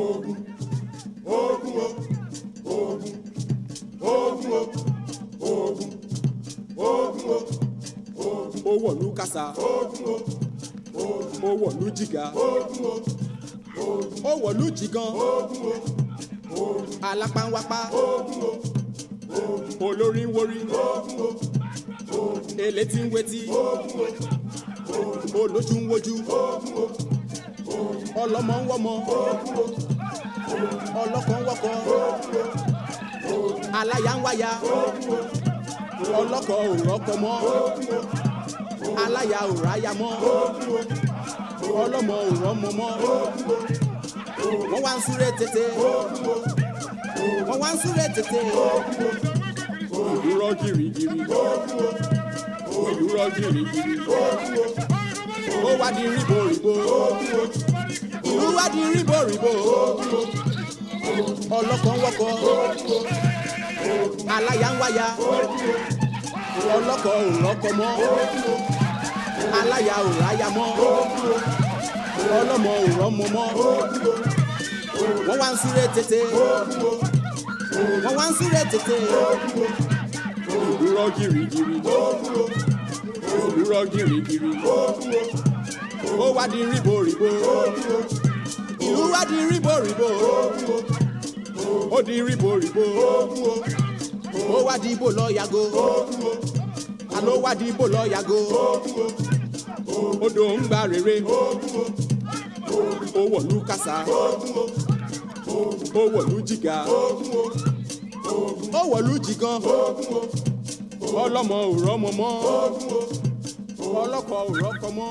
ogun ogun o ogun ogun o ogun ogun o ogun. ó wọ̀lú kásá. ogun o ogun. ó wọ̀lú jìgá. ogun o ogun. ó wọ̀lú jìgán. ogun o ogun. alápánwápá. ogun o ogun. olórí ń worí. ogun o ogun. èlé tí ń wetí. ogun o ogun. olójú ń wojú. ogun o ọlọ́mọ ń wọ́mọ ọlọ́kọ ń wọ́kọ aláya ń wáya ọlọ́kọ ò rọ́kọ mọ́ aláya ò ráya mọ́ ọlọ́mọ ò rọ́mọ mọ́ wọ́n wá ń súré tètè wọ́n wá ń súré tètè òdúró gírígírí òdúró gírígírí ó wá di ríbo ìlú wá di ríboríbo ọlọ́kọ̀ ń wọ́kọ̀ aláya ń wáya ọlọ́kọ̀ ò lọ́kọ̀ mọ́ aláya ò láya mọ́ ọlọ́mọ ò mọ́ wọ́n wá ń súré tètè wọ́n wá ń súré tètè òdúrọ̀ gírígírí òdúrọ̀ gírígírí ó wá di ríboríbo ìlú wá di ríboríbo ó di ríboríbo ó wá di ibo lọ yàgò àló wá di ibo lọ yàgò odò ń gba rere ó wọ̀lú kásá ó wọ̀lú jìgá ó wọ̀lú jìgán ọlọ́mọ ò rọ́mọ mọ́ ọlọ́kọ ò rọ́kọ mọ́.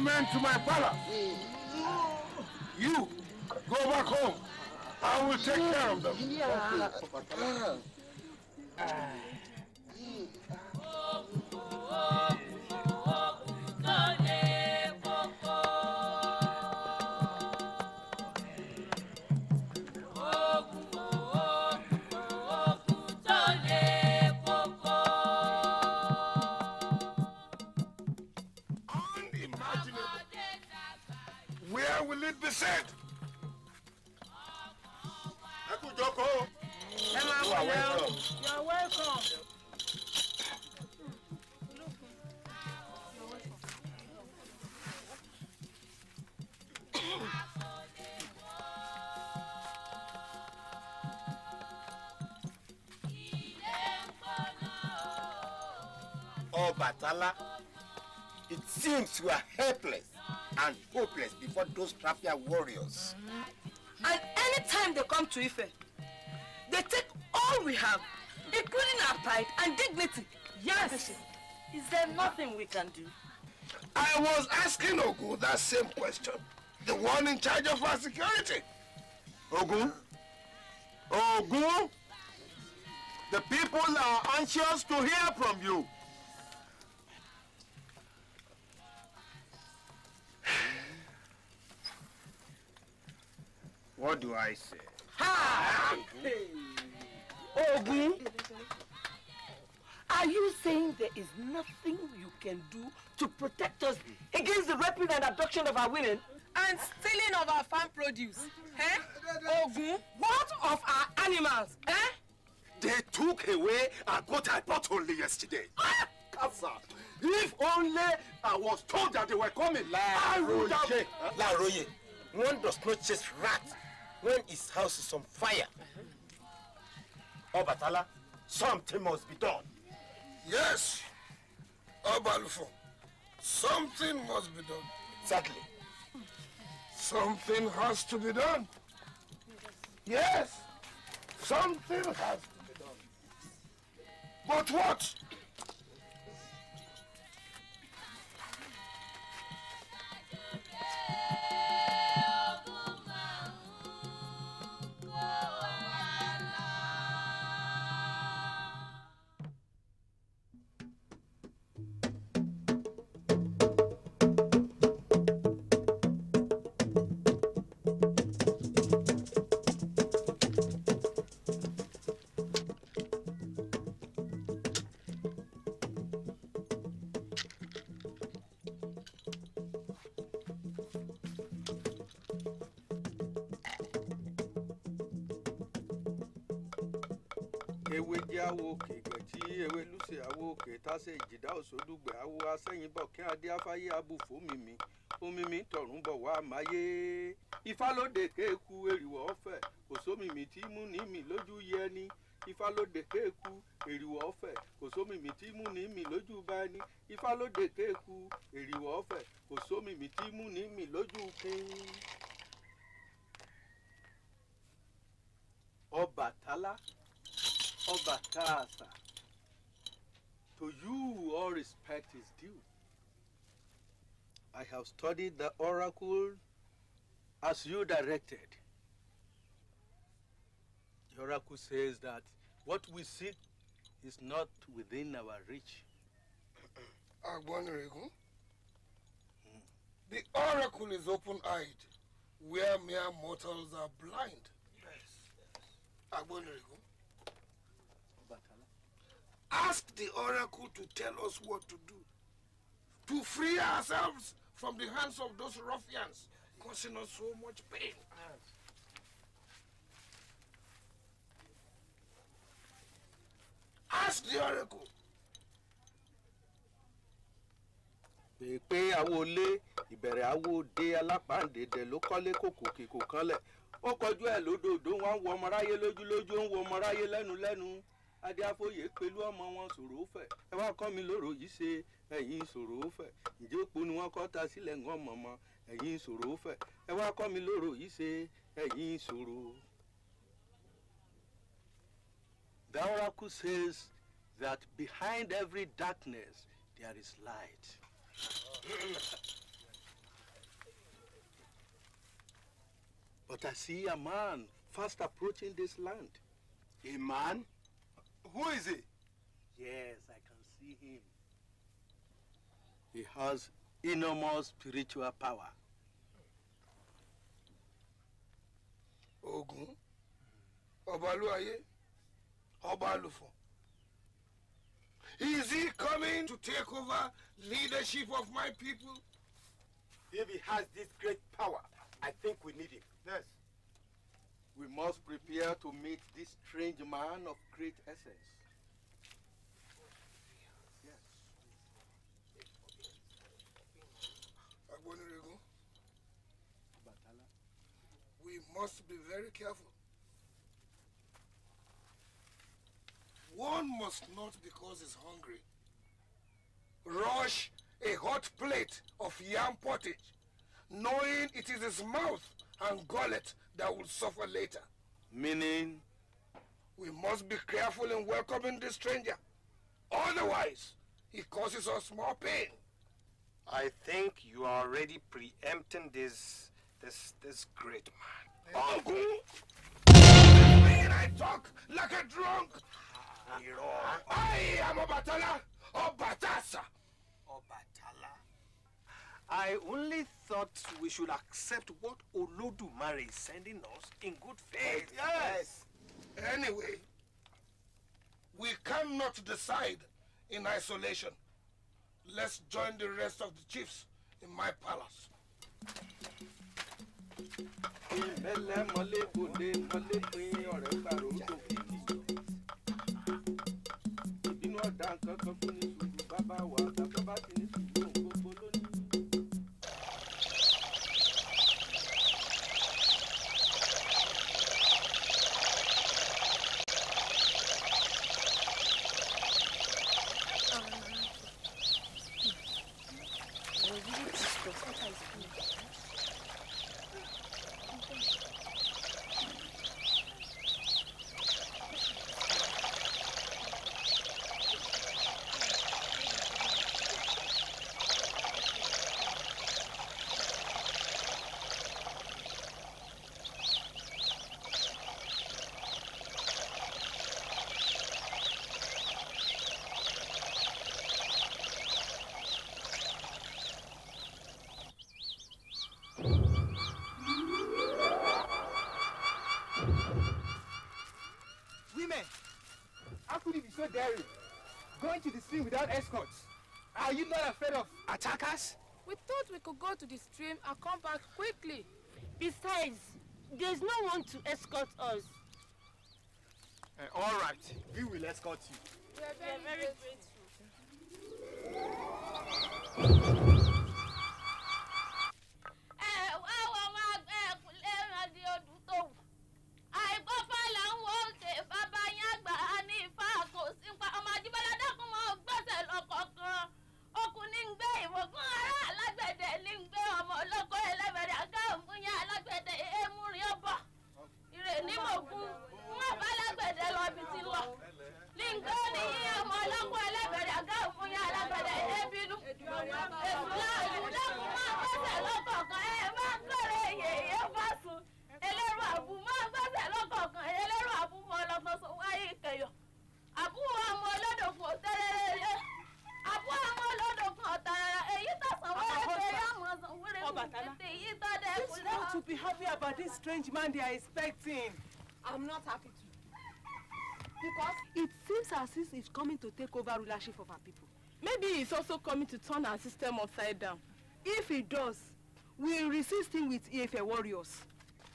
Man to my father. You, go back home. I will take care of them. it seems we are helpless and hopeless before those traffic warriors. And any time they come to Ife, they take all we have, including our pride and dignity. Yes. Is there nothing we can do? I was asking Ogu that same question. The one in charge of our security. Ogu? Ogu? The people are anxious to hear from you. What do I say? Ha! Ogun, are you saying there is nothing you can do to protect us against the raping and abduction of our women? And stealing of our farm produce, eh? Ogun, what of our animals, eh? They took away a goat I bought only yesterday. Ah! ah if only I was told that they were coming, La I would have... La Roye, one does not chase rats when his house is on fire, Obatala, something must be done. Yes, Obalufo, something must be done. Exactly. Something has to be done. Yes, something has to be done. But what? sódùgbẹ̀ awo asẹ́yìnbọ̀ kí adé afáyé abùfó mímí omimi tọ̀run bọ̀ wá máyé ifá lóde kéku èrìwọ̀ ọ̀fẹ́ òsómìmì tí mú ní mi lójú yẹ ni ifá lóde kéku èrìwọ̀ ọ̀fẹ́ òsómìmì tí mú ní mi lójú bá ní ifá lóde kéku èrìwọ̀ ọ̀fẹ́ òsómìmì tí mú ní mi lójú kín. Ọbàtálá ọba tá a sà. To you all respect is due. I have studied the oracle as you directed. The oracle says that what we seek is not within our reach. Agwanrego, ah, hmm. the oracle is open-eyed, where mere mortals are blind. Yes. yes. Agwanrego, ah, Ask the oracle to tell us what to do. To free ourselves from the hands of those ruffians causing us so much pain. Ask the oracle. pèpè àwọn olé ìbẹ̀rẹ̀ àwọn òde alápàǹdẹ̀dẹ̀ ló kọ́lé kòkò kanlẹ̀ ó kọjú ẹ̀ lódòdó wọn wọ ọmọ ráyé lójúlójú ó ń wọ ọmọ ráyé lẹ́nu lẹ́nu adéáfóyè pẹ̀lú ọmọ wọn Sòrófẹ̀ ẹ wá kọ́ mi lóró yìí ṣe ẹ̀yin Sòrófẹ̀ ǹjẹ́ òpó ni wọ́n kọ́ ta sílẹ̀ ń ọmọ mọ ẹ̀yin Sòrófẹ̀ ẹ wá kọ́ mi lóró yìí ṣe ẹ̀yin Sòró. The oracle says that behind every darkness there is light. But I see a man fast approaching this land. A man? Who is he? Yes, I can see him. He has enormous spiritual power. Ogun, Obaluaye, Obalufo. Is he coming to take over leadership of my people? If he has this great power, I think we need him. Yes. We must prepare to meet this strange man of great essence. We must be very careful. One must not, because he's hungry, rush a hot plate of yam pottage, knowing it is his mouth and gullet that will suffer later. Meaning? We must be careful in welcoming this stranger. Otherwise, he causes us more pain. I think you are already preempting this, this, this great man. Uncle! I talk like a drunk! I am Obatala Obatasa! Obatala? I will thought we should accept what Olódùmarè is sending us in good faith. Yes. Anyway, we cannot decide in isolation. Let's join the rest of the chiefs in my palace. ìmẹ́lẹ́ wa. without escorts. Are you not afraid of attackers? We thought we could go to the stream and come back quickly. Besides, there's no one to escort us. Uh, all right, we will escort you. We are very, we are very grateful. grateful. strange man they are expecting. I'm not happy to. Because it seems as if he's coming to take over rulership of our people. Maybe he's also coming to turn our system upside down. If he does, we'll resist him with Ife warriors.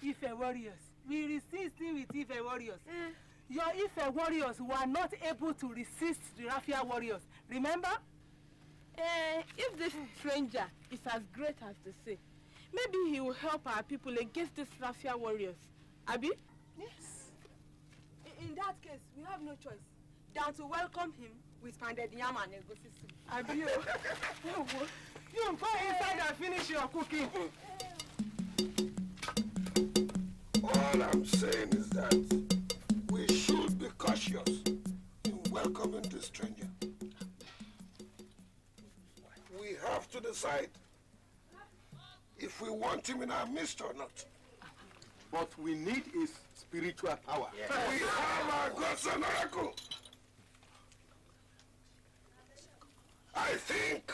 Ife warriors. We resist him with Ife warriors. Mm. Your Ife warriors were not able to resist the Rafia warriors. Remember? Uh, if this stranger is as great as they say, Maybe he will help our people against these Rafia warriors. Abi? Yes. In that case, we have no choice than to welcome him with pounded yam and egusi soup. Abi, oh. you go inside and finish your cooking. All I'm saying is that we should be cautious in welcoming the stranger. We have to decide if we want him in our midst or not. What we need is spiritual power. Yes. We have our God's miracle. I think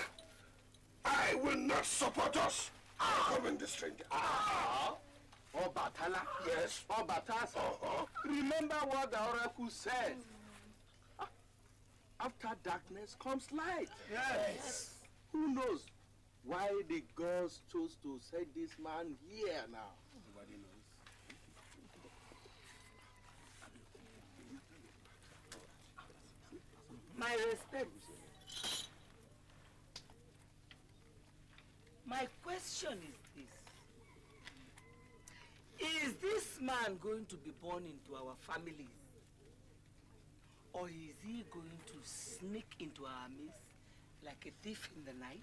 I will not support us ah. becoming the stranger. Ah. Oh, Batala. Yes. Oh, Batasa. Uh -huh. Remember what the oracle said. Ah, after darkness comes light. Yes. yes. Who knows? why the gods chose to set this man here now. Nobody knows. My respect. My question is this. Is this man going to be born into our families? Or is he going to sneak into our midst like a thief in the night?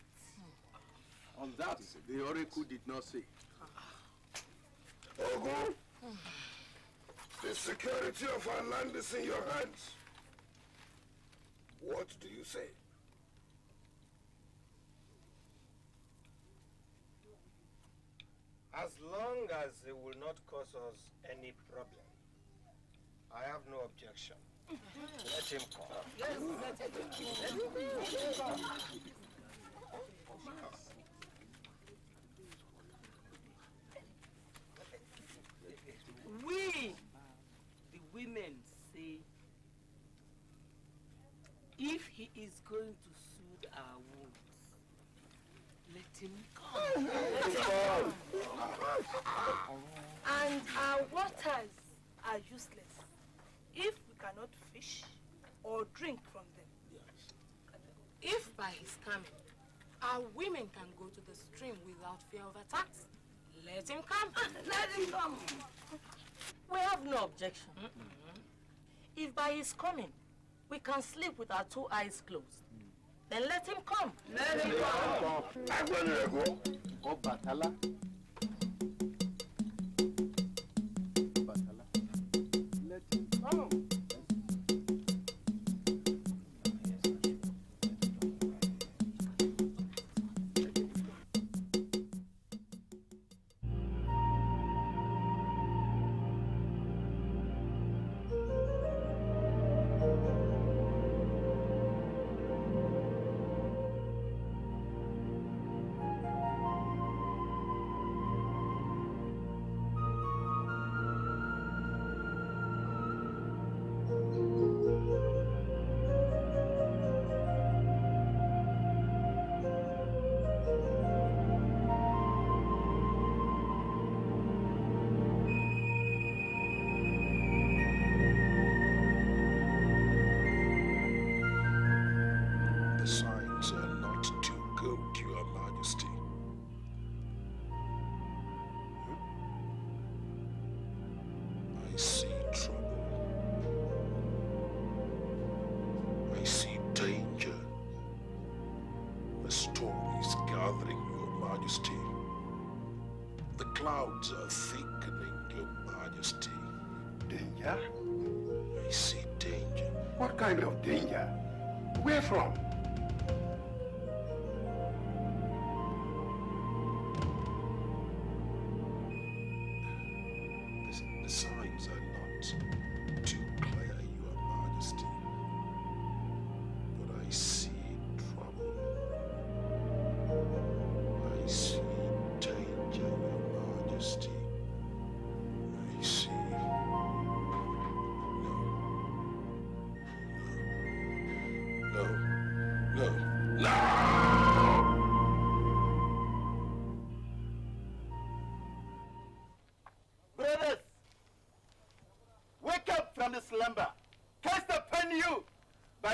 On that, the oracle did not say. Ogu, the security of our land is in your hands. What do you say? As long as it will not cause us any problem, I have no objection. Let him come. Yes, let him come. we, the women, say, if he is going to soothe our wounds, let him come. Let him come. and our waters are useless if we cannot fish or drink from them. If by his coming, our women can go to the stream without fear of attacks, let him come. Let him come. We have no objection. Mm -hmm. If by his coming, we can sleep with our two eyes closed, mm. then let him come. Let him come. Agbẹnirẹ̀gbọ́, ọ̀bàtálá.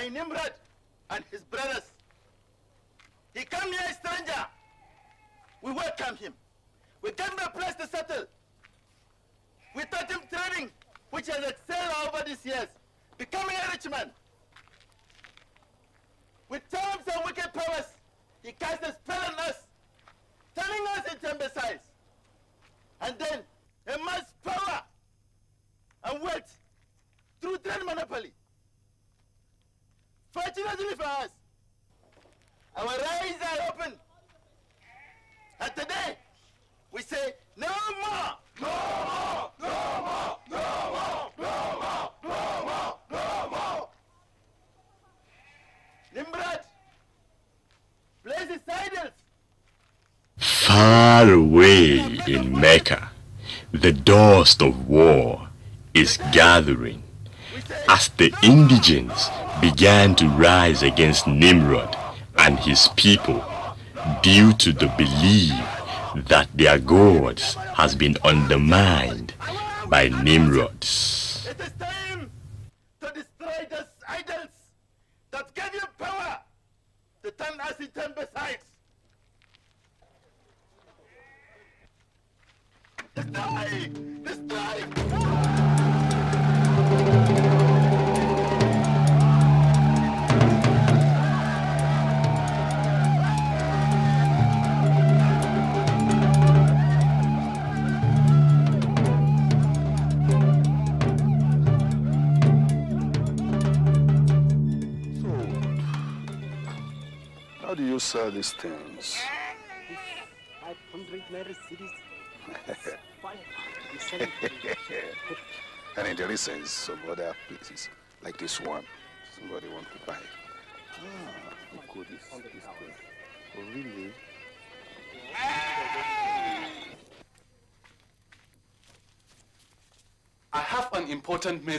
by Nimrod and his brothers. He came here a stranger. We welcome him. We gave him a place to settle. We taught him training, which has excelled over these years, becoming a rich man. We taught dust of war is gathering as the indigents began to rise against Nimrod and his people due to the belief that their gods has been undermined by Nimrods.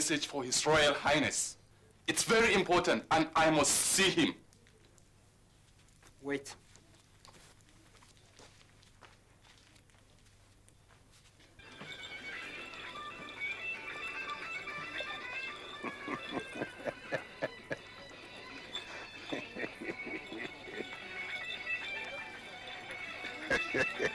message for His Royal Highness. It's very important, and I must see him. Wait.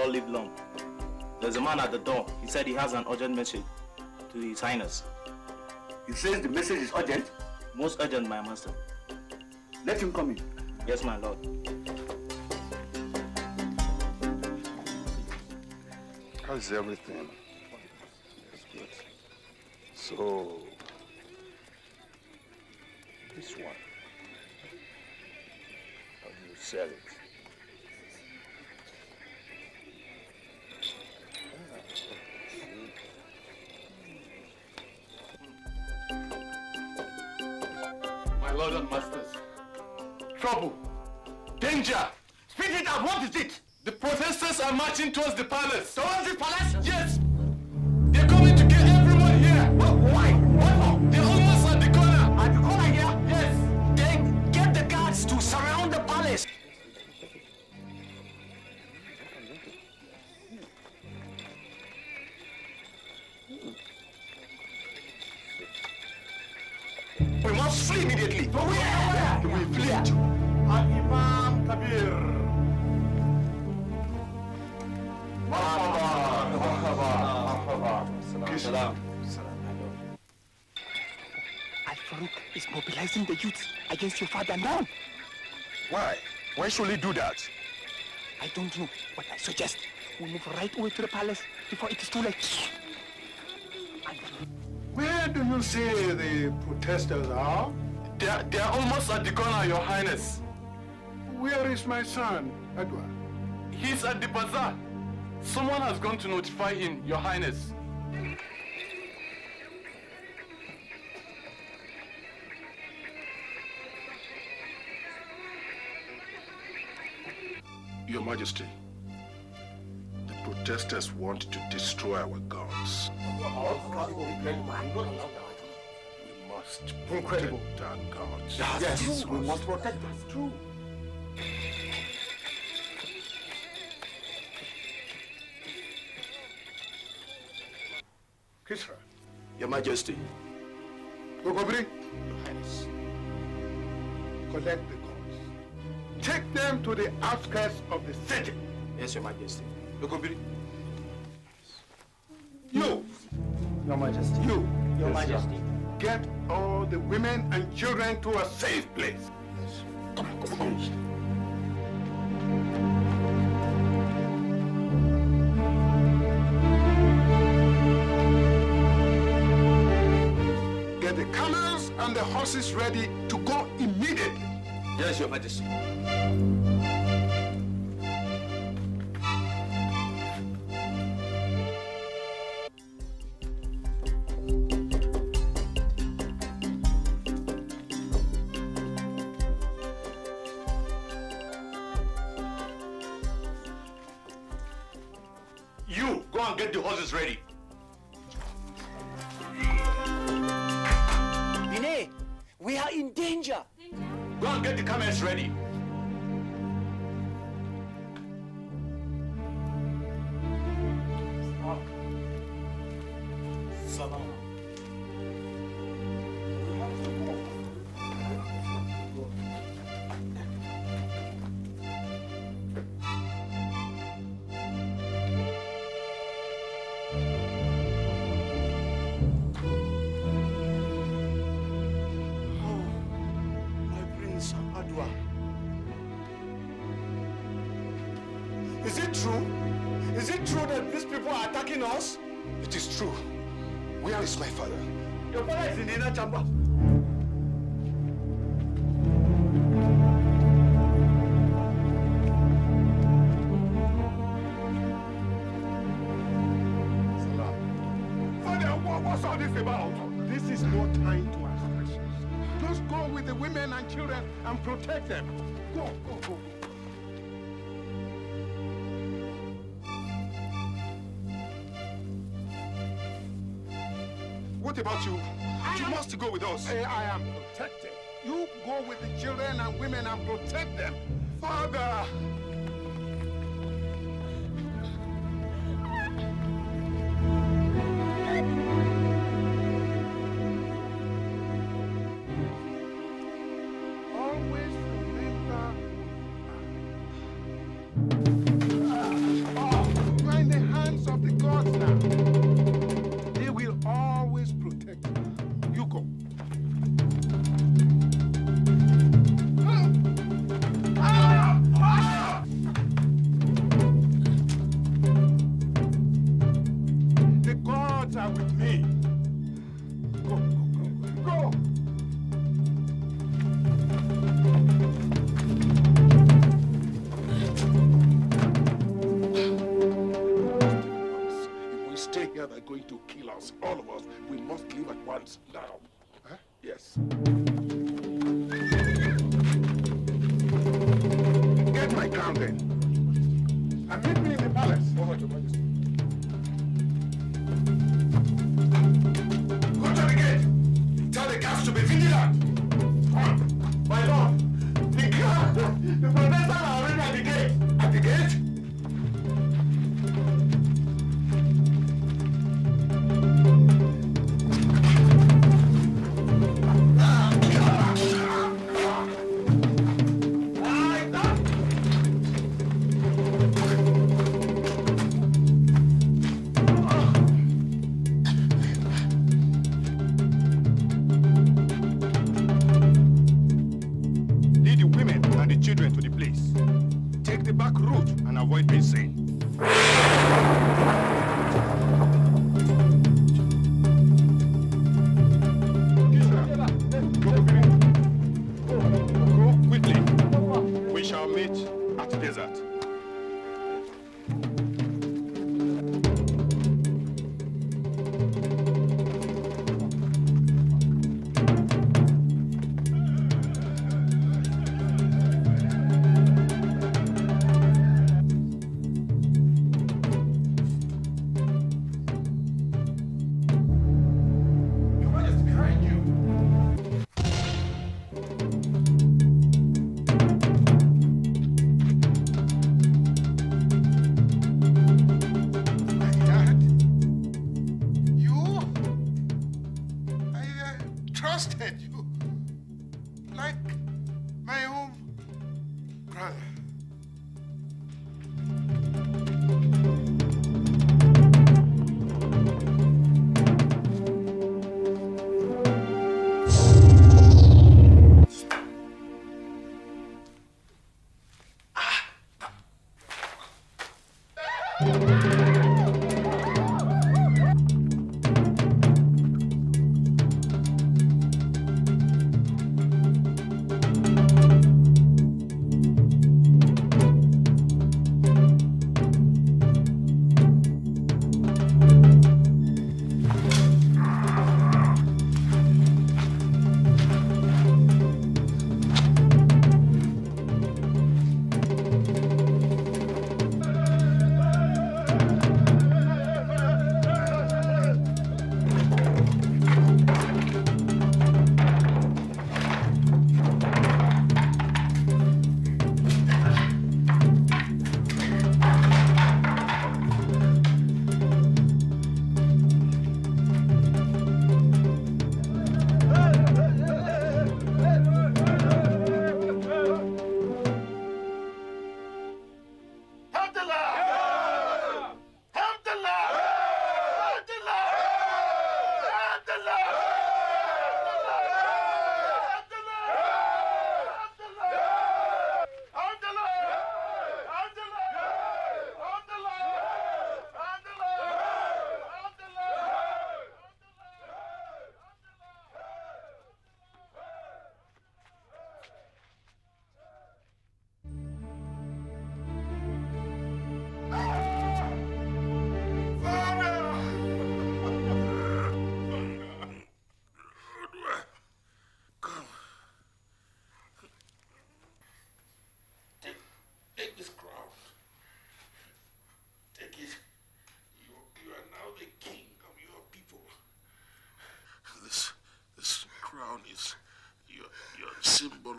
all live long. There's a man at the door. He said he has an urgent message to His Highness. He says the message is urgent? Most urgent, my master. Let him come in. Yes, my lord. How's everything? Yes, good. So, this one, how do you sell it? should we do that? I don't know, but I suggest we move right away to the palace before it is too late. Where do you say the protesters are? They're, they're almost at the corner, Your Highness. Where is my son, Edward? He's at the bazaar. Someone has gone to notify him, Your Highness. Your Majesty, the protesters want to destroy our guns. We must protect our guns. yes, we must protect them. That's true. her. Your Majesty. Your Highness. Collect Take them to the outskirts of the city. Yes, Your Majesty. Lokobiri. You. Your Majesty. You. Your yes, Majesty. Get all the women and children to a safe place. Yes. Come on, come on. Yes. Get the camels and the horses ready to go immediately. 谢谢潘律是。stay here, they're going to kill us, all of us. We must leave at once, now. Huh? Yes. Get my crown then. And meet me in the palace. Over oh, to Majesty. Go to the gate. Tell the guards to be vigilant. My lord, the guard, the professor.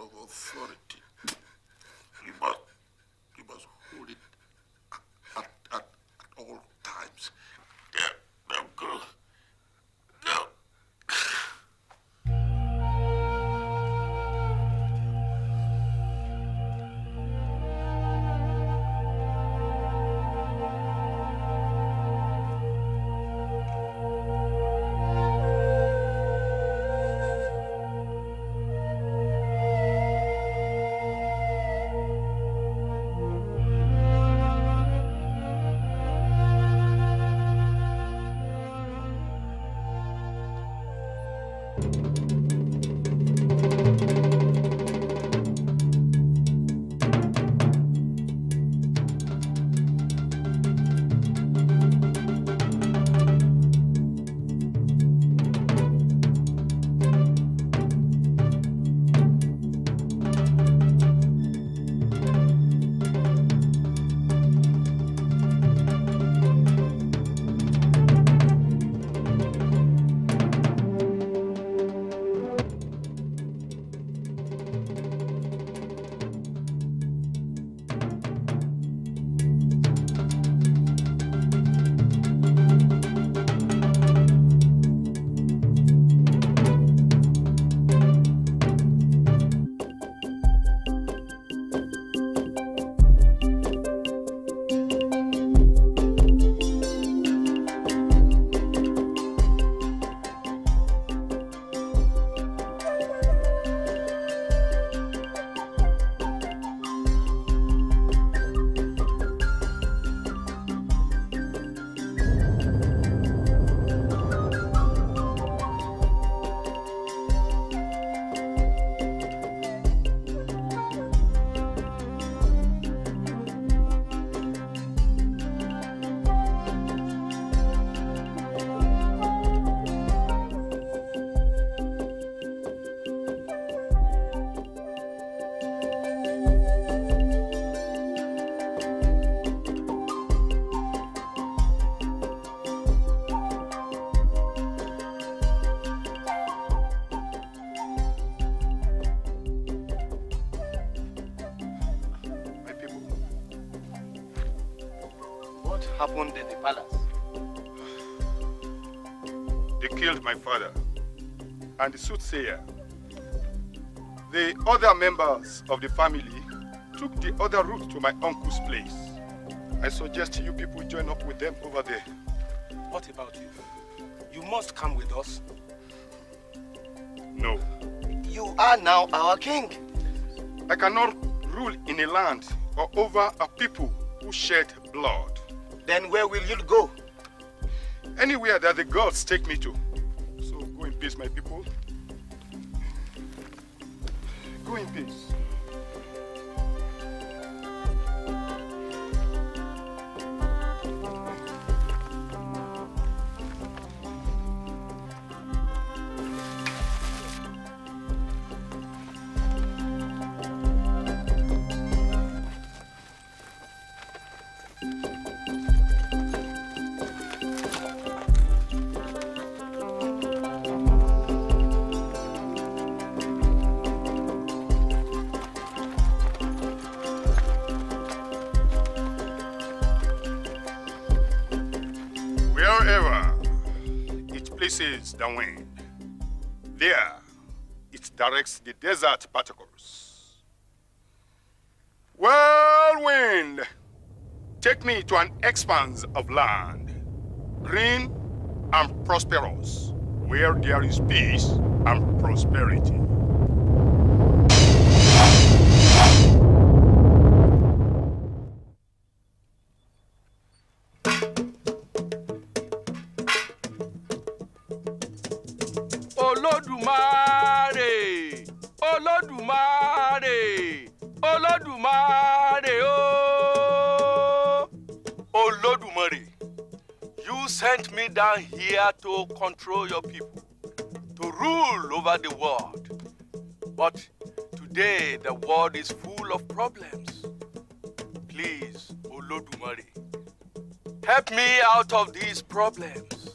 of authority and the soothsayer. The other members of the family took the other route to my uncle's place. I suggest you people join up with them over there. What about you? You must come with us. No. You are now our king. I cannot rule in a land or over a people who shed blood. Then where will you go? Anywhere that the gods take me to. So go in peace, my people. Greenpeace. downwind. There, it directs the desert particles. Whirlwind, take me to an expanse of land, green and prosperous, where there is peace and prosperity. to rule over the world. But today the world is full of problems. Please, Olodumare, help me out of these problems.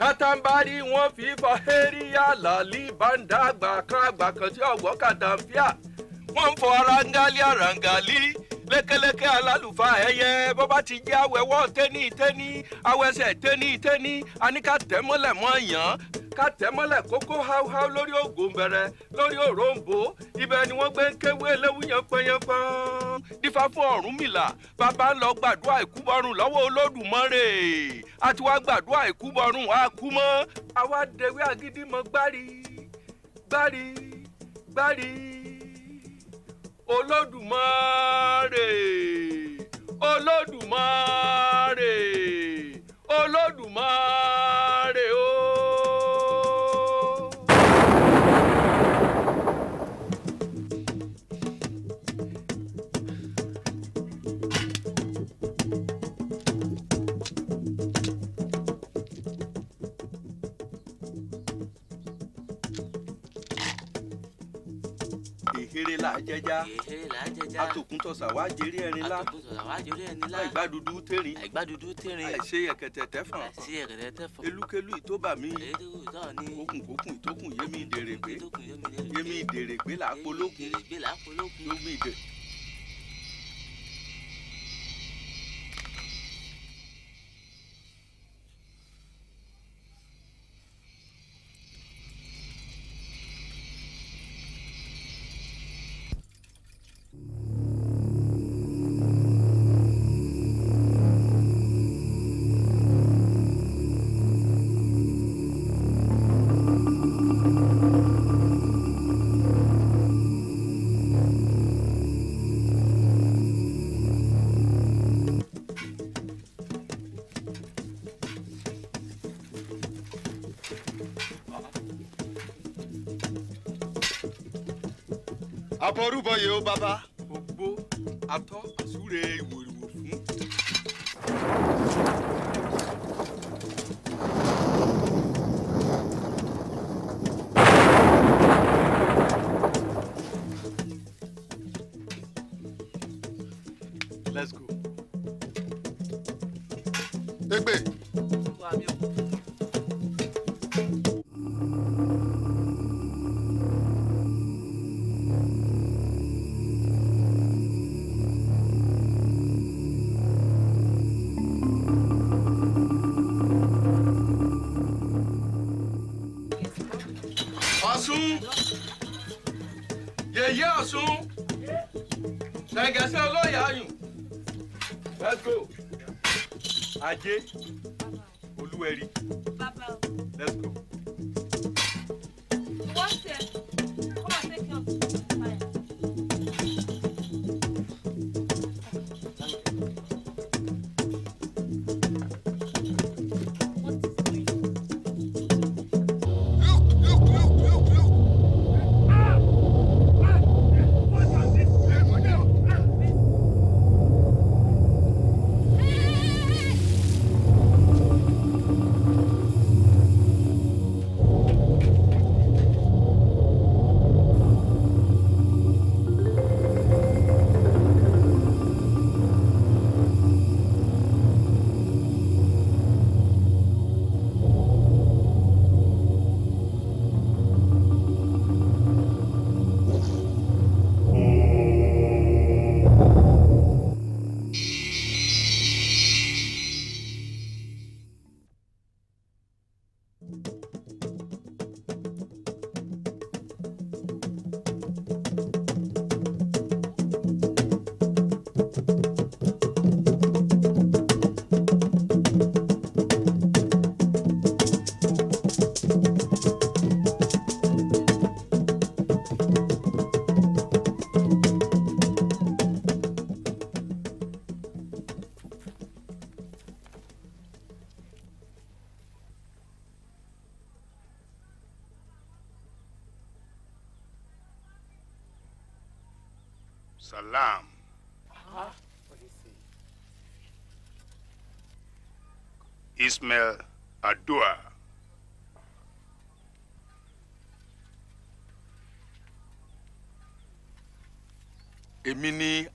kátàǹbárí wọn fi fọ eríyà làlí bàǹdà àgbà kan àgbà kan tí ọgbọ kàdáfíà wọn ń fọ arangali arangali lékeléke alálùfà ẹyẹ bó bá ti jẹ awẹwọ tẹni tẹni awẹsẹ tẹni tẹni aníkà tẹmọlẹmọ yàn ká tẹ̀ mọ́lẹ̀ kókó háúháú lórí ògùnbẹ̀rẹ̀ lórí òróǹbó ibẹ̀ ni wọ́n gbé ń kéwé eléwu yanpanyanpan dífá fún Ọ̀rúnmìlà bàbá ń lọ gbàdúrà ìkúbọrùn lọ́wọ́ Olódùmarè a ti wá gbàdúrà ìkúbọrùn wa kú mọ́ àwa dẹ̀wé àgídìmọ gbárí gbárí gbárí Olódùmarè Olódùmarè Olódùmarè o. Oh. la, jèrè làjẹjá àtòkùntọ̀sà wá jèrè ẹrin lá àìgbàdúdú tẹ̀rín àìṣe ẹ̀kẹ̀tẹ̀ tẹ́fọ̀n elúkélú ìtóbà mi okùnkókùn ìtókùn yémi ìdèrègbé yémi ìdèrègbé làápolókun yémi ìdèrègbé. àbọrúbọyè ó bàbá. ògbó atọ́ àsúre ìwò. Peki. salam. Ismail Adua. Emini ni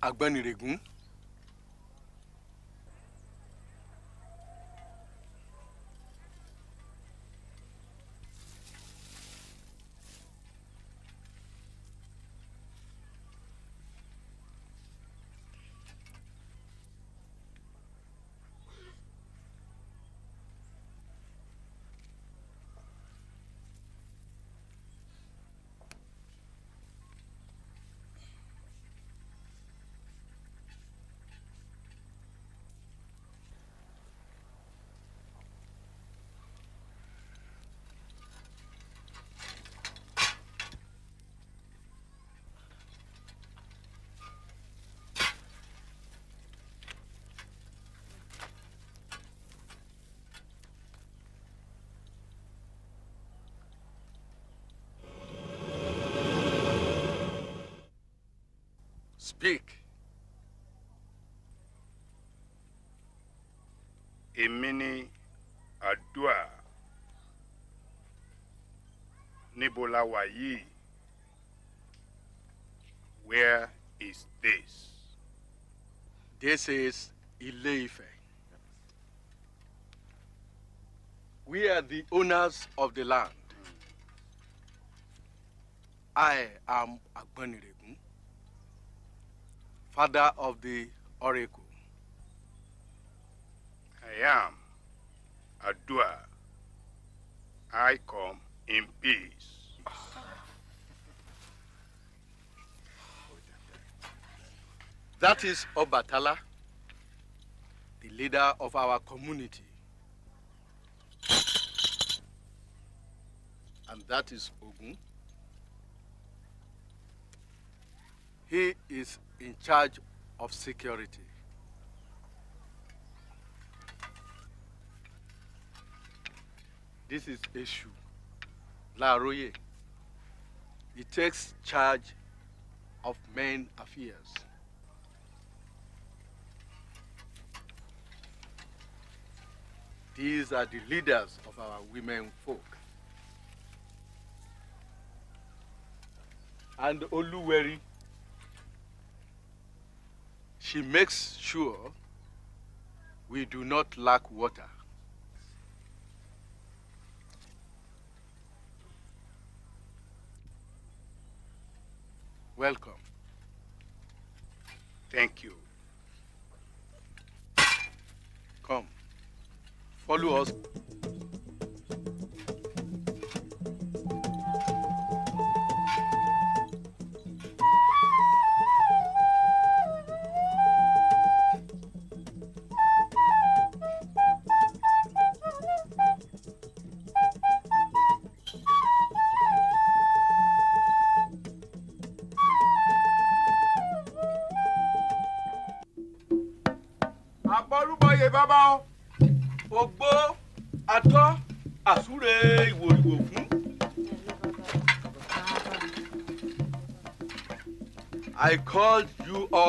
èmi ni àdúà níbo la where is this? This is ile We are the owners of the land. I am Agbaniregun, father of the oracle. I am Adua. I come in peace. That is Obatala, the leader of our community. And that is Ogun. He is in charge of security. This is Eshu Laroye. He takes charge of men affairs. These are the leaders of our women folk. And Oluweri, she makes sure we do not lack water. Welcome. Thank you. Come, follow us.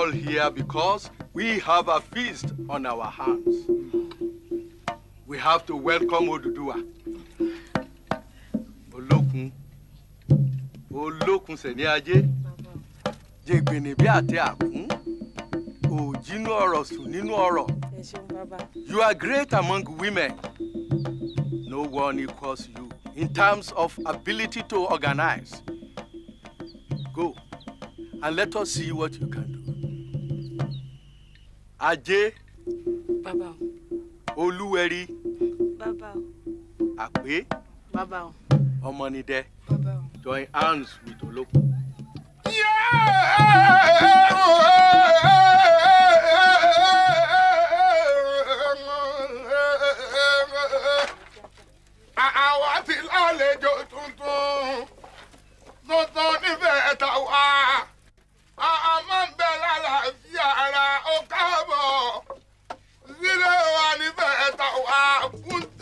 all here because we have a feast on our hands. We have to welcome Odudua. Olókun. Olókun sẹ̀ni ajé. Jègbènè bí àtẹ àkún. Òjínú ọ̀rọ̀ sùn nínú ọ̀rọ̀. You are great among women. No one equals you in terms of ability to organize. Go and let us see what you can do ajé. bàbá o. olúwẹ̀rí. bàbá o. àpé. bàbá o. ọmọnidẹ. bàbá o. join hands with olóko. àwa ti lálejò tuntun tuntun nífẹ̀ẹ́ ta wá.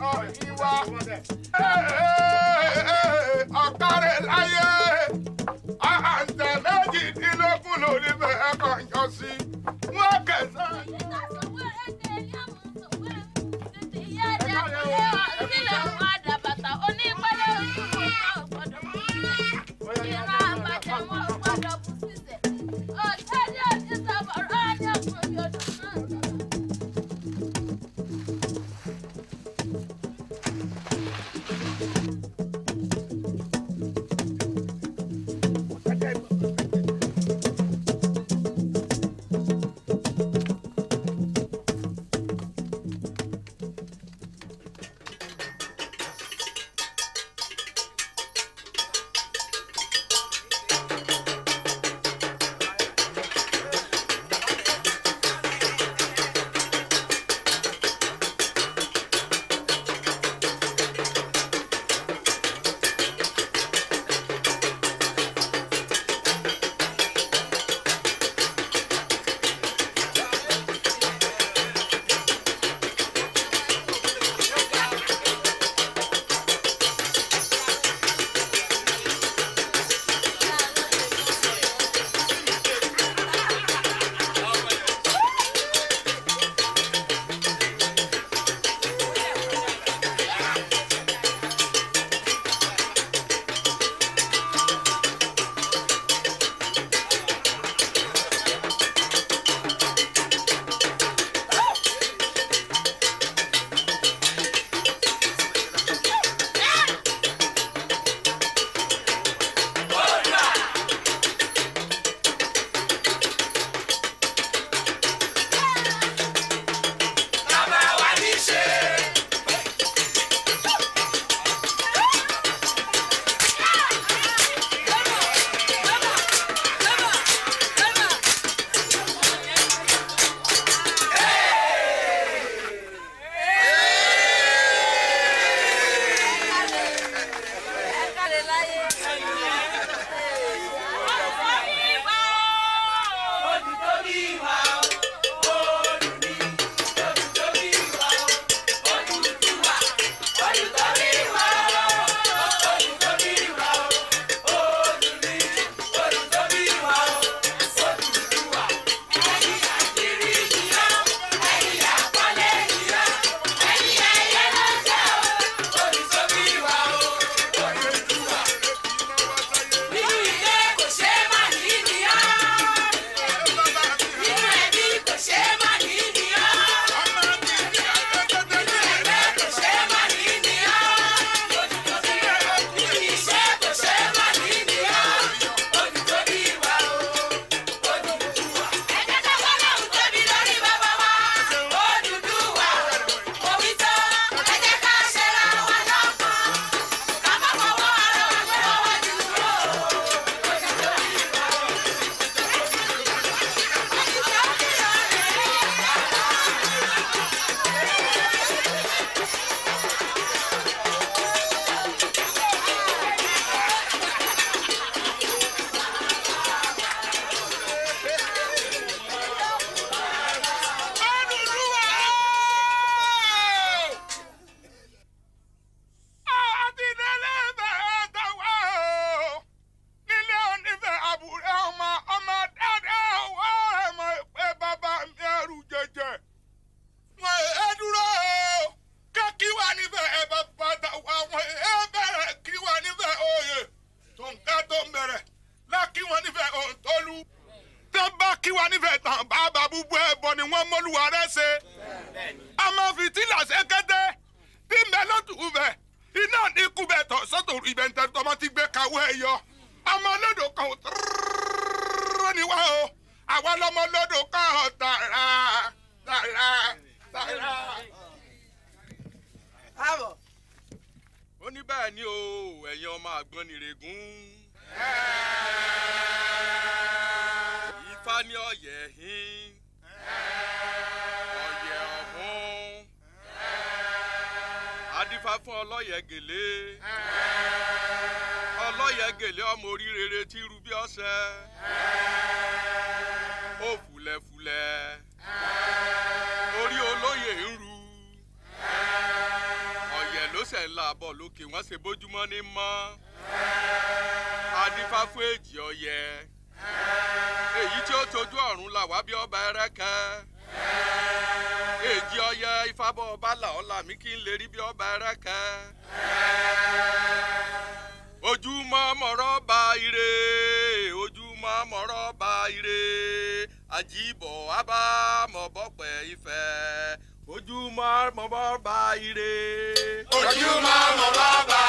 ọ̀yìn wa. ọ̀kárẹ̀ láyé àǹtẹ̀ méjìdínlógún lórí bẹ́ẹ̀ kàn yọ sí. mọ́ ní mọ́ adífáfú èjì ọyẹ èyí tí ó tojú ọ̀run là wá bí ọba ẹrẹ́kẹ́ èjì ọyẹ ifábọ̀ ọba là ọ́ là mí kí n lè rí bí ọba ẹrẹ́kẹ́. mama you ire. ojú màmá bá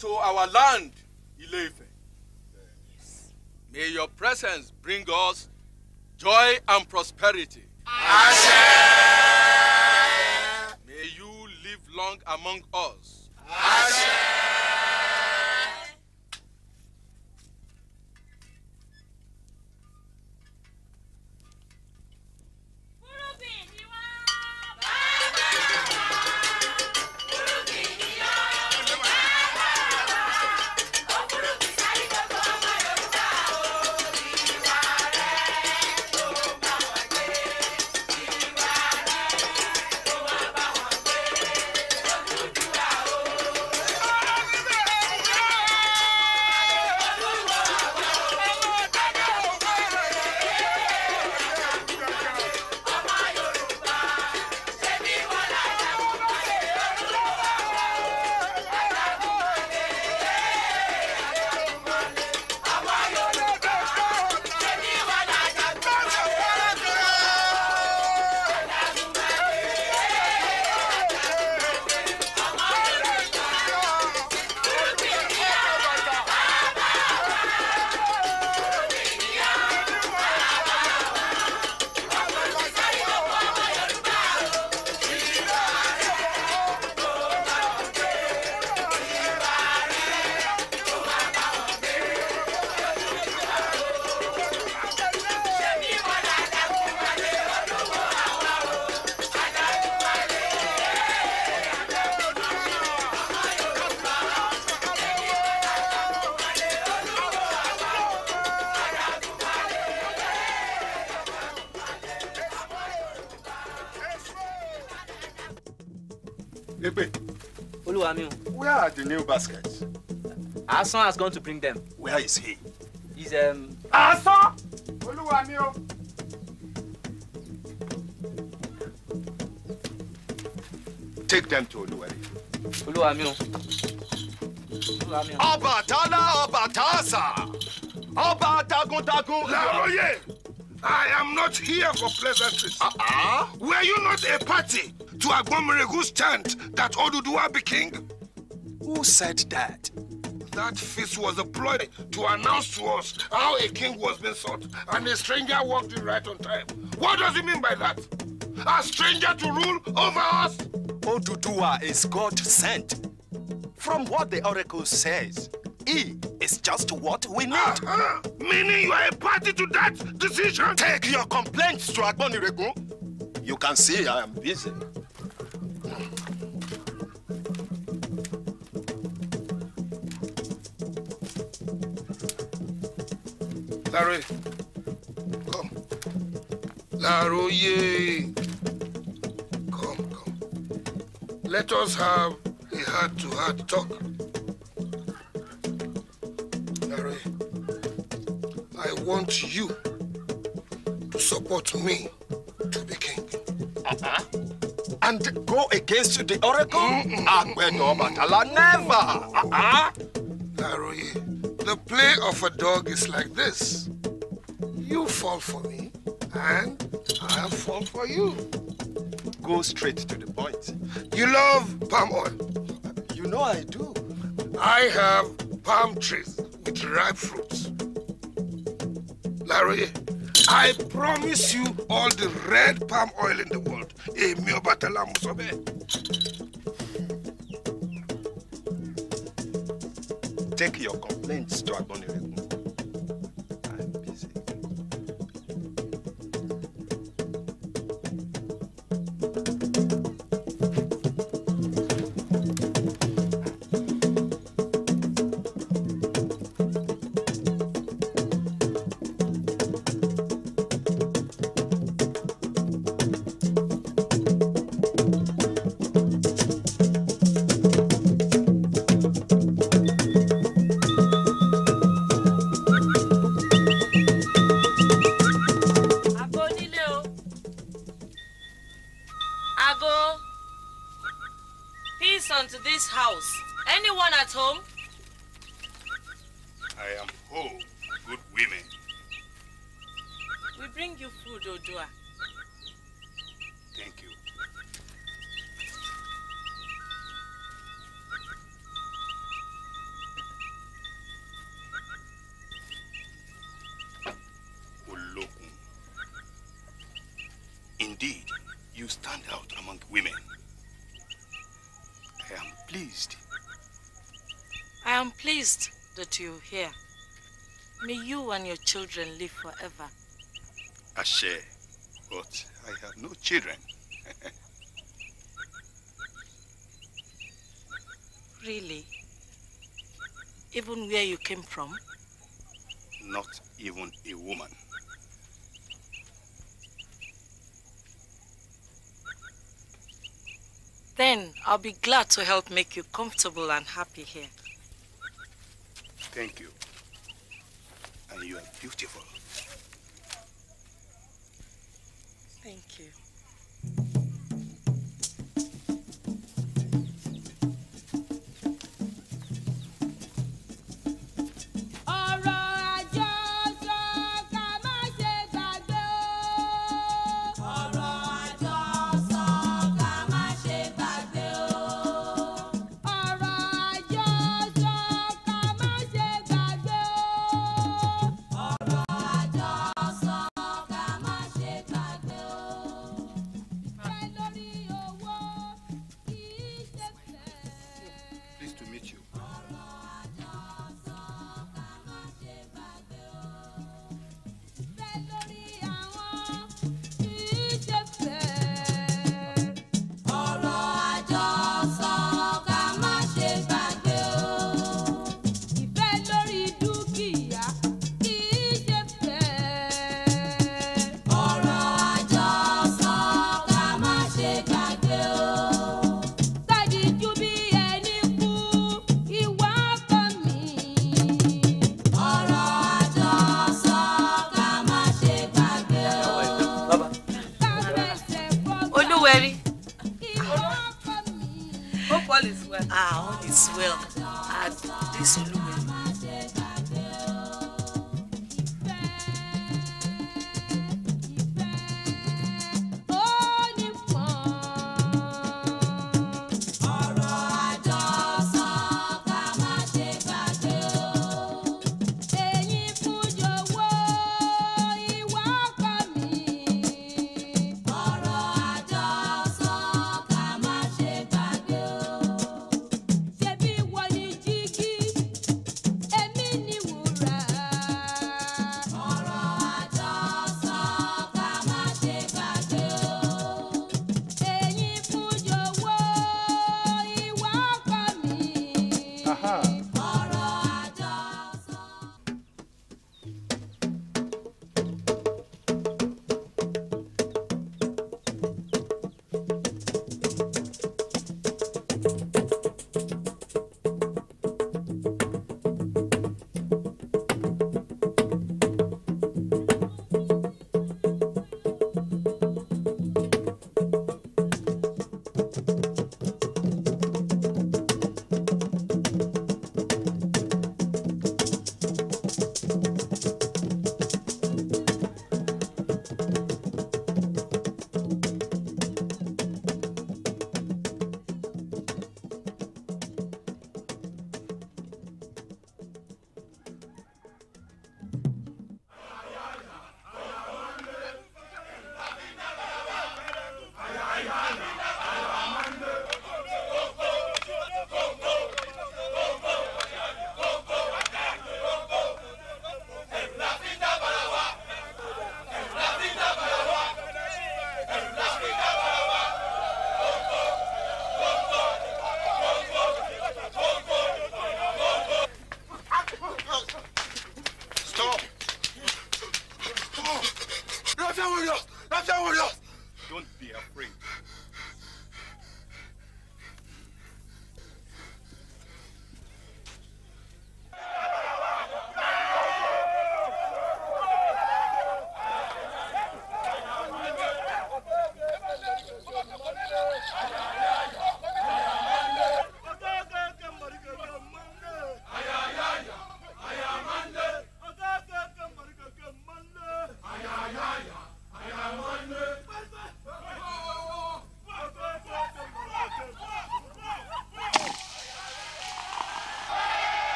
to our land, Ileife. May your presence bring us joy and prosperity. Asher! May you live long among us. Asher! Our son has gone to bring them. Where is he? He's um. Our son. Olúwa Take them to Oluwari. Olúwa mi o. Olúwa mi o. Ọbàtálá Ọbàtásà. Ọba takuntakun. Láròyè. I am not here for pleasantries. Uh-uh. Were you not a party to Agbomeregu's chant that Oduduwa be king? Who said that? That feast was employed to announce to us how a king was being sought, and a stranger walked in right on time. What does he mean by that? A stranger to rule over us? Oduduwa is God sent. From what the oracle says, he is just what we need. Uh -huh. Meaning you are a party to that decision? Take your complaints to Agboniregun. You can see I am busy. Larry, come Larry, come come let us have a heart-to-heart talk Larry, I want you to support me to be king. Uh-huh. And go against the oracle? Mm-mm. Agbedo ah, Batala, ah, never! Uh-uh! the play of a dog is like this. You fall for me, and I fall for you. Go straight to the point. You love palm oil. You know I do. I have palm trees with ripe fruits. Larry, I promise you all the red palm oil in the world. Take your complaints to Agboniregun. Thank you. Indeed, you stand out among women. I am pleased. I am pleased that you're here. May you and your children live forever. Ashe but I have no children. really? Even where you came from? Not even a woman. Then I'll be glad to help make you comfortable and happy here. Thank you. And you are beautiful. Thank you.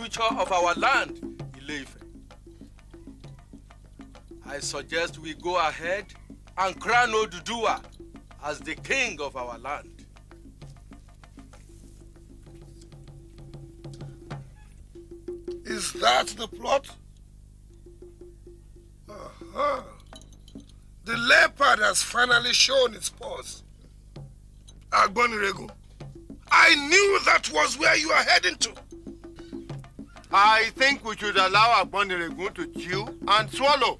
future of our land, Ileife. I suggest we go ahead and crown Odudua as the king of our land. Is that the plot? Uh -huh. The leopard has finally shown its going to chew and swallow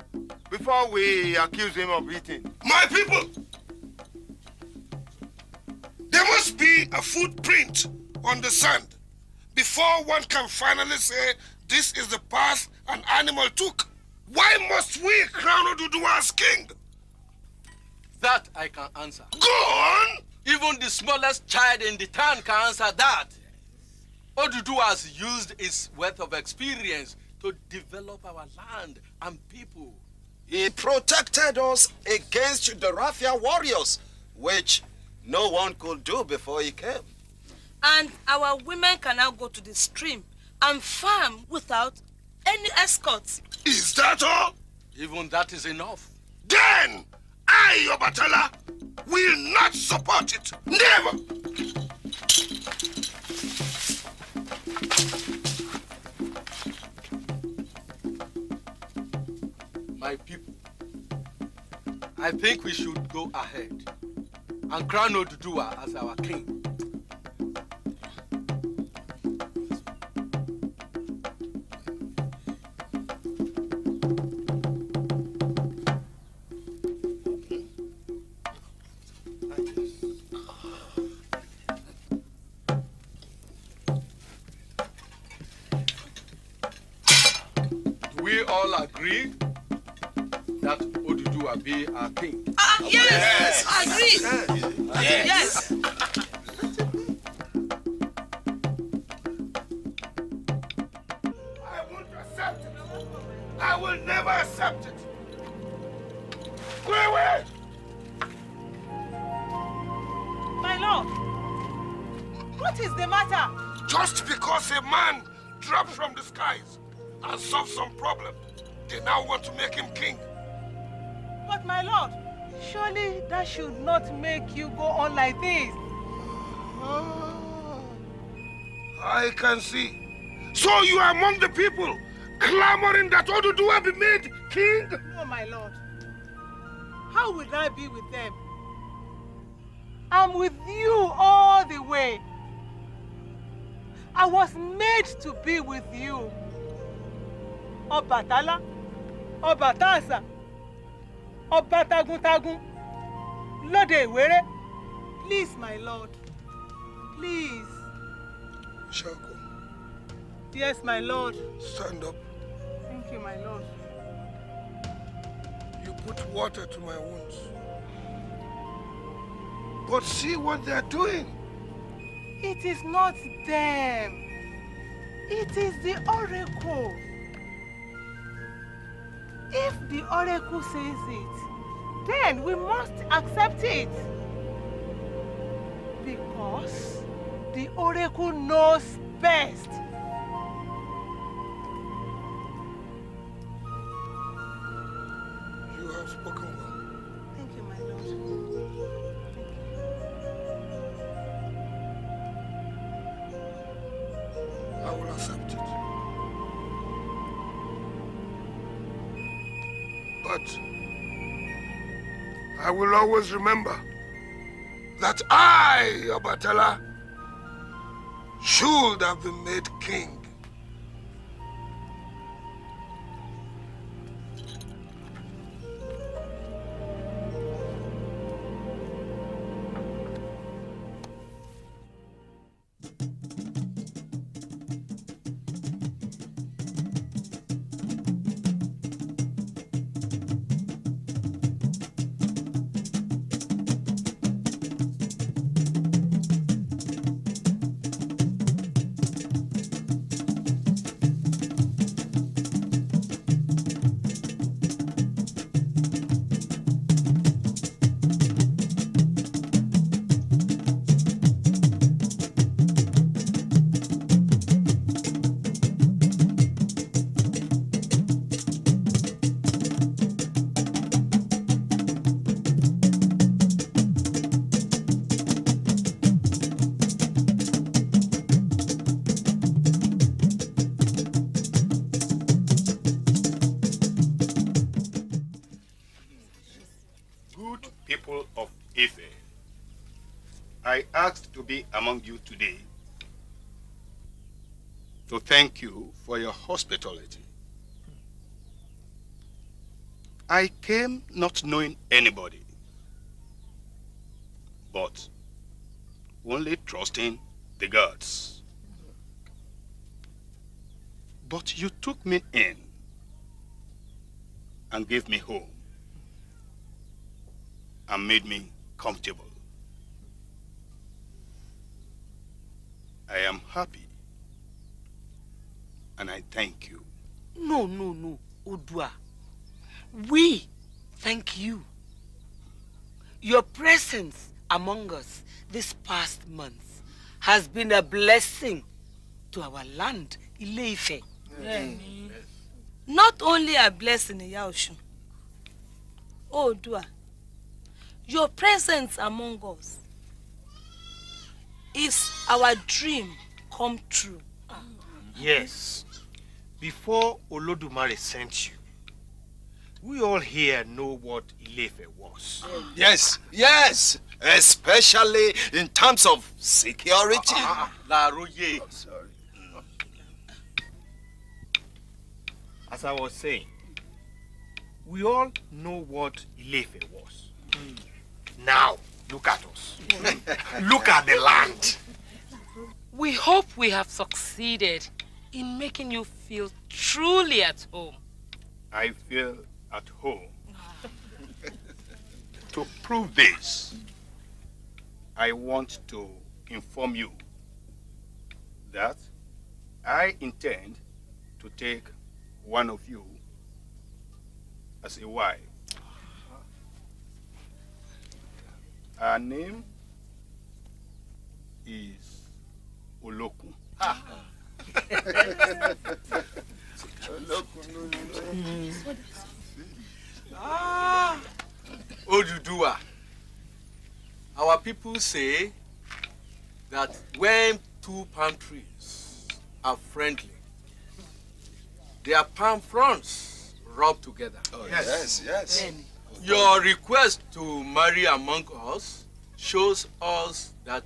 before we accuse him of eating. My people! There must be a footprint on the sand before one can finally say this is the path an animal took. Why must we crown Oduduwa as king? That I can answer. Go on! Even the smallest child in the town can answer that. Oduduwa has used his wealth of experience to develop our land and people. He protected us against the rafia warriors, which no one could do before he came. And our women can now go to the stream and farm without any escorts. Is that all? Even that is enough. Then, I, your Obatala, will not support it. Never! my people, I think we should go ahead and crown Oduduwa as our king. do I be made king? No, my lord. How will I be with them? I'm with you all the way. I was made to be with you. Obatala, Ọbàtáàsà, Obatagun-Tagun, lóde ìwéré. Please, my lord. Please. Shako. Yes, my lord. Stand up. my nose. You put water to my wounds. But see what they're doing. It is not them. It is the oracle. If the oracle says it, then we must accept it. Because the oracle knows best. spoken word. Thank you, my Lord. You. I will accept it. But I will always remember that I, Obatala, should have been made king be among you today to thank you for your hospitality. I came not knowing anybody, but only trusting the gods. But you took me in and gave me home and made me comfortable. I am happy. And I thank you. No, no, no, Odua. We thank you. Your presence among us this past month has been a blessing to our land, Ileife. Yes. Yes. Not only a blessing, Yaoshu. Odua, your presence among us is our dream come true. Yes. Before Olodumare sent you, we all here know what Ilefe was. Yes, yes, especially in terms of security. Ah, ah, ah. Oh, sorry. As I was saying, we all know what Ilefe was. Mm. Now, Look at us. Look at the land. We hope we have succeeded in making you feel truly at home. I feel at home. to prove this, I want to inform you that I intend to take one of you as a wife. Her name is Olokun. Ah. Odudua. Our people say that when two palm trees are friendly, their palm fronds rub together. Oh, yes. yes. yes. Your request to marry among us shows us that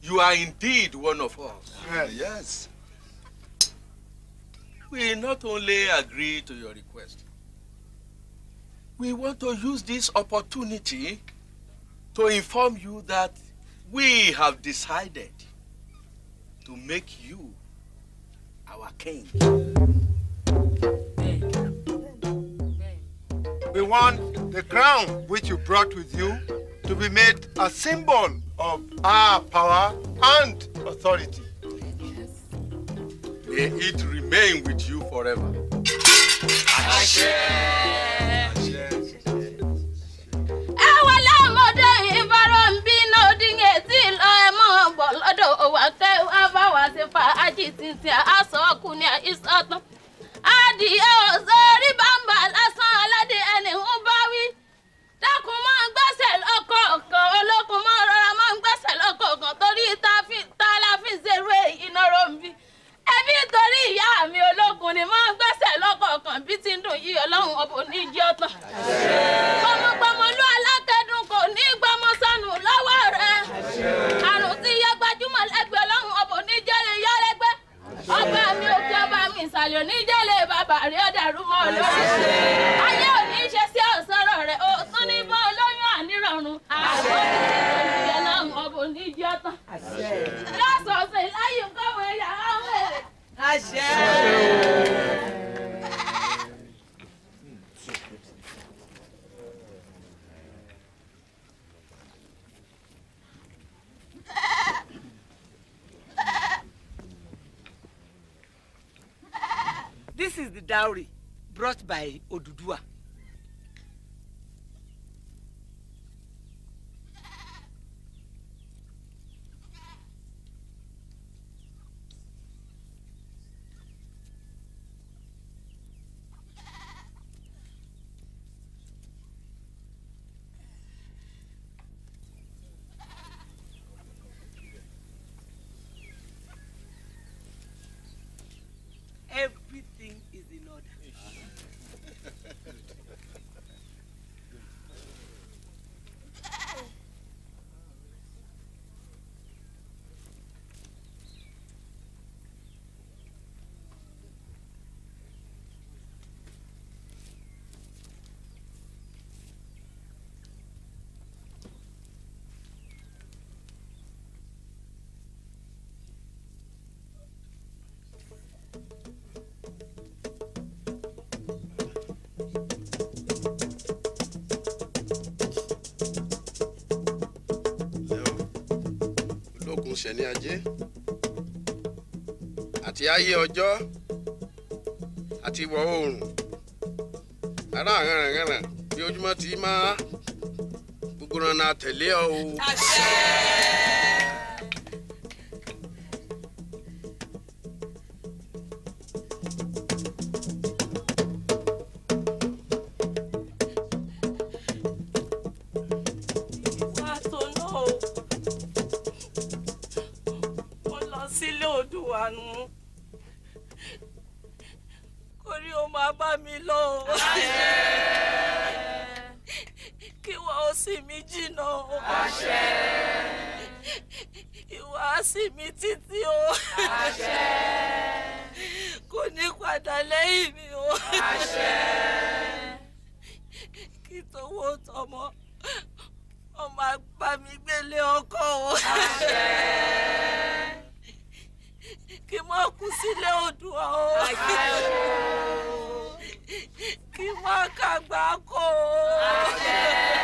you are indeed one of us. Yes. yes. We not only agree to your request, we want to use this opportunity to inform you that we have decided to make you our king. We want the crown which you brought with you to be made a symbol of our power and authority. Yes. May it remain with you forever. Àṣẹ. Ẹ wọlé ọmọdé ìbára ń bínú díngè tí lọ ìyá mi ológun ni mo ń gbẹ́sẹ̀ lọ́kọ̀ọ̀kan bí ti ń dùn yí ọlọ́run ọbọ̀ ní ìjì ọ̀tàn. gbọmọgbọmọ ló alákẹ́dùn kò ní gbọmọ sọnù lọ́wọ́ rẹ̀. àrùn tí yẹ gbajúmọ̀ lẹ́gbẹ̀ẹ́ ọlọ́run ọbọ̀ ní jẹ́lẹ̀ yálẹ́gbẹ́. ọba mi òkè ọba mi ìsàlẹ̀ oníjẹ́lẹ̀ bàbá rí ọ̀dàrú mọ́ ọ lórí. ayé òní àṣẹ. This is the dowry brought by Oduduwa. ṣẹ̀ní ajé àti ayé ọjọ́ àti ìwọ̀ oòrùn ará àgàràngàrà bí ojúmọ́ ti máa gbogbo rán na tẹ̀lé ọ kú sílé odò o kí wọ́n kàgbá kó o.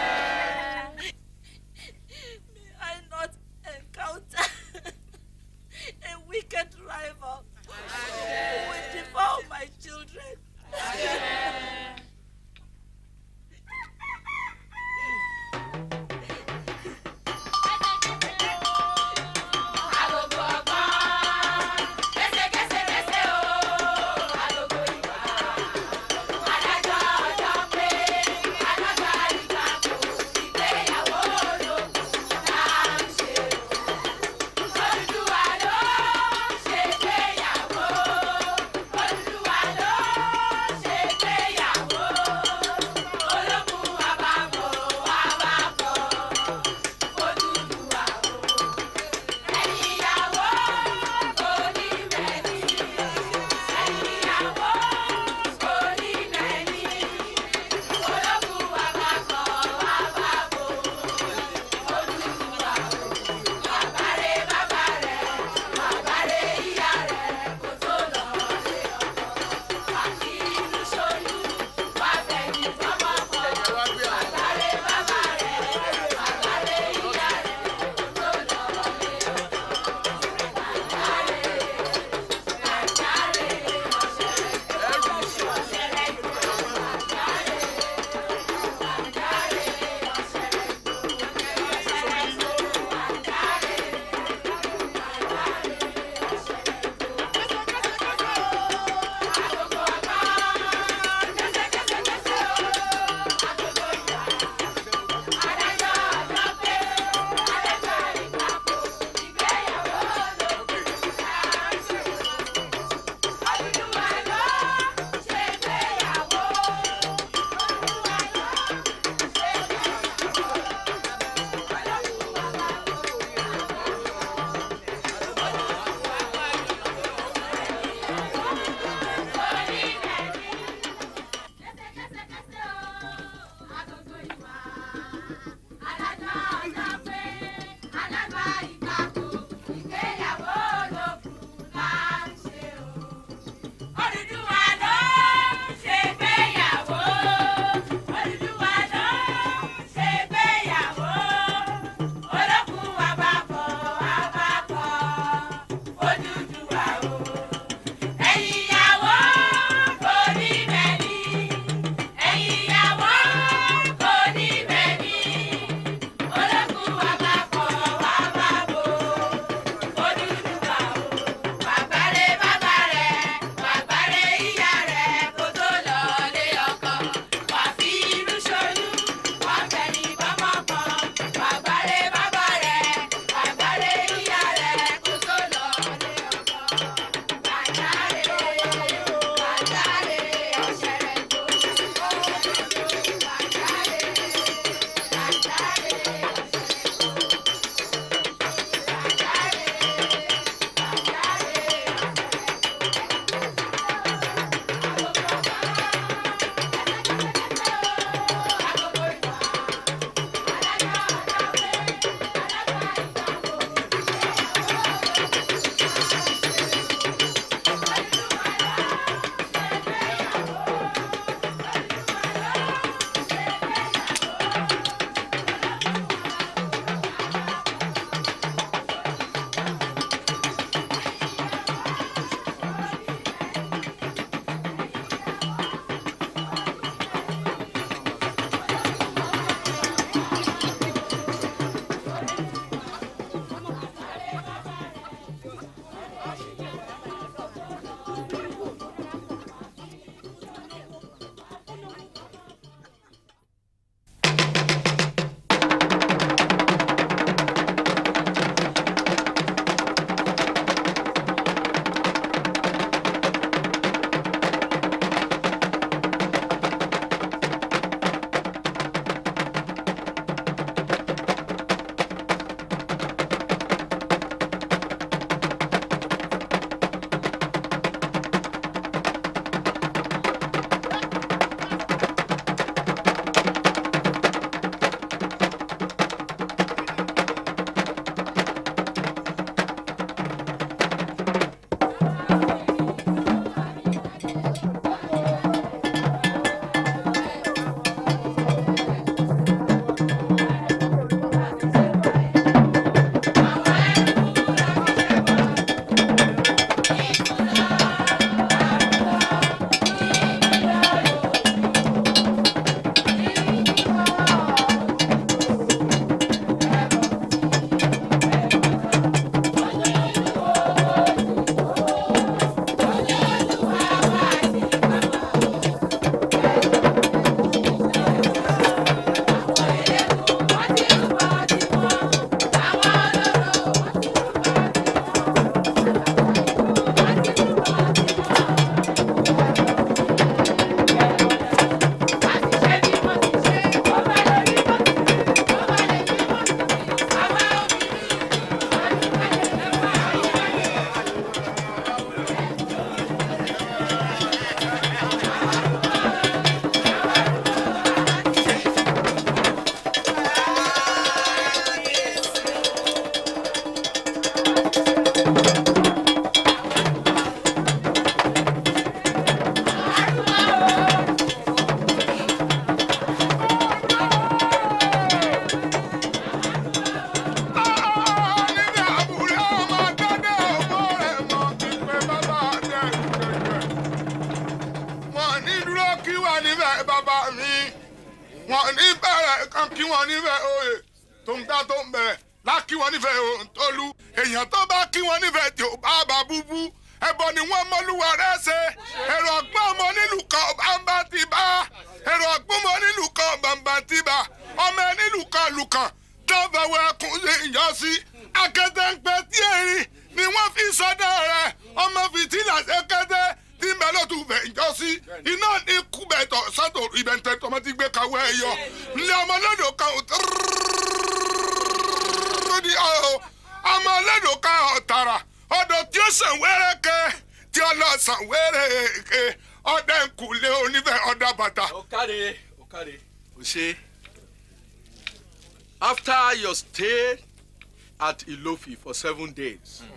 Sufi for seven days mm.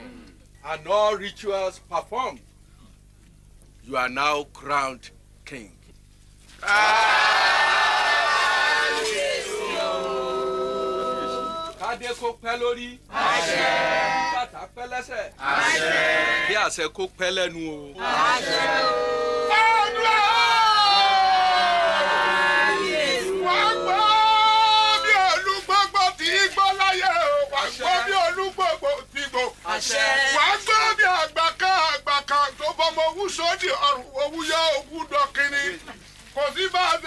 and all rituals performed, you are now crowned king. Àṣẹ. Àṣẹ. àṣẹ Àṣẹ àṣẹ. wàá tó bí àgbàká àgbàká tó bọ́mọ owú sódì ọ̀rùn owú yá owú dọ̀kìnrin kò sí bá a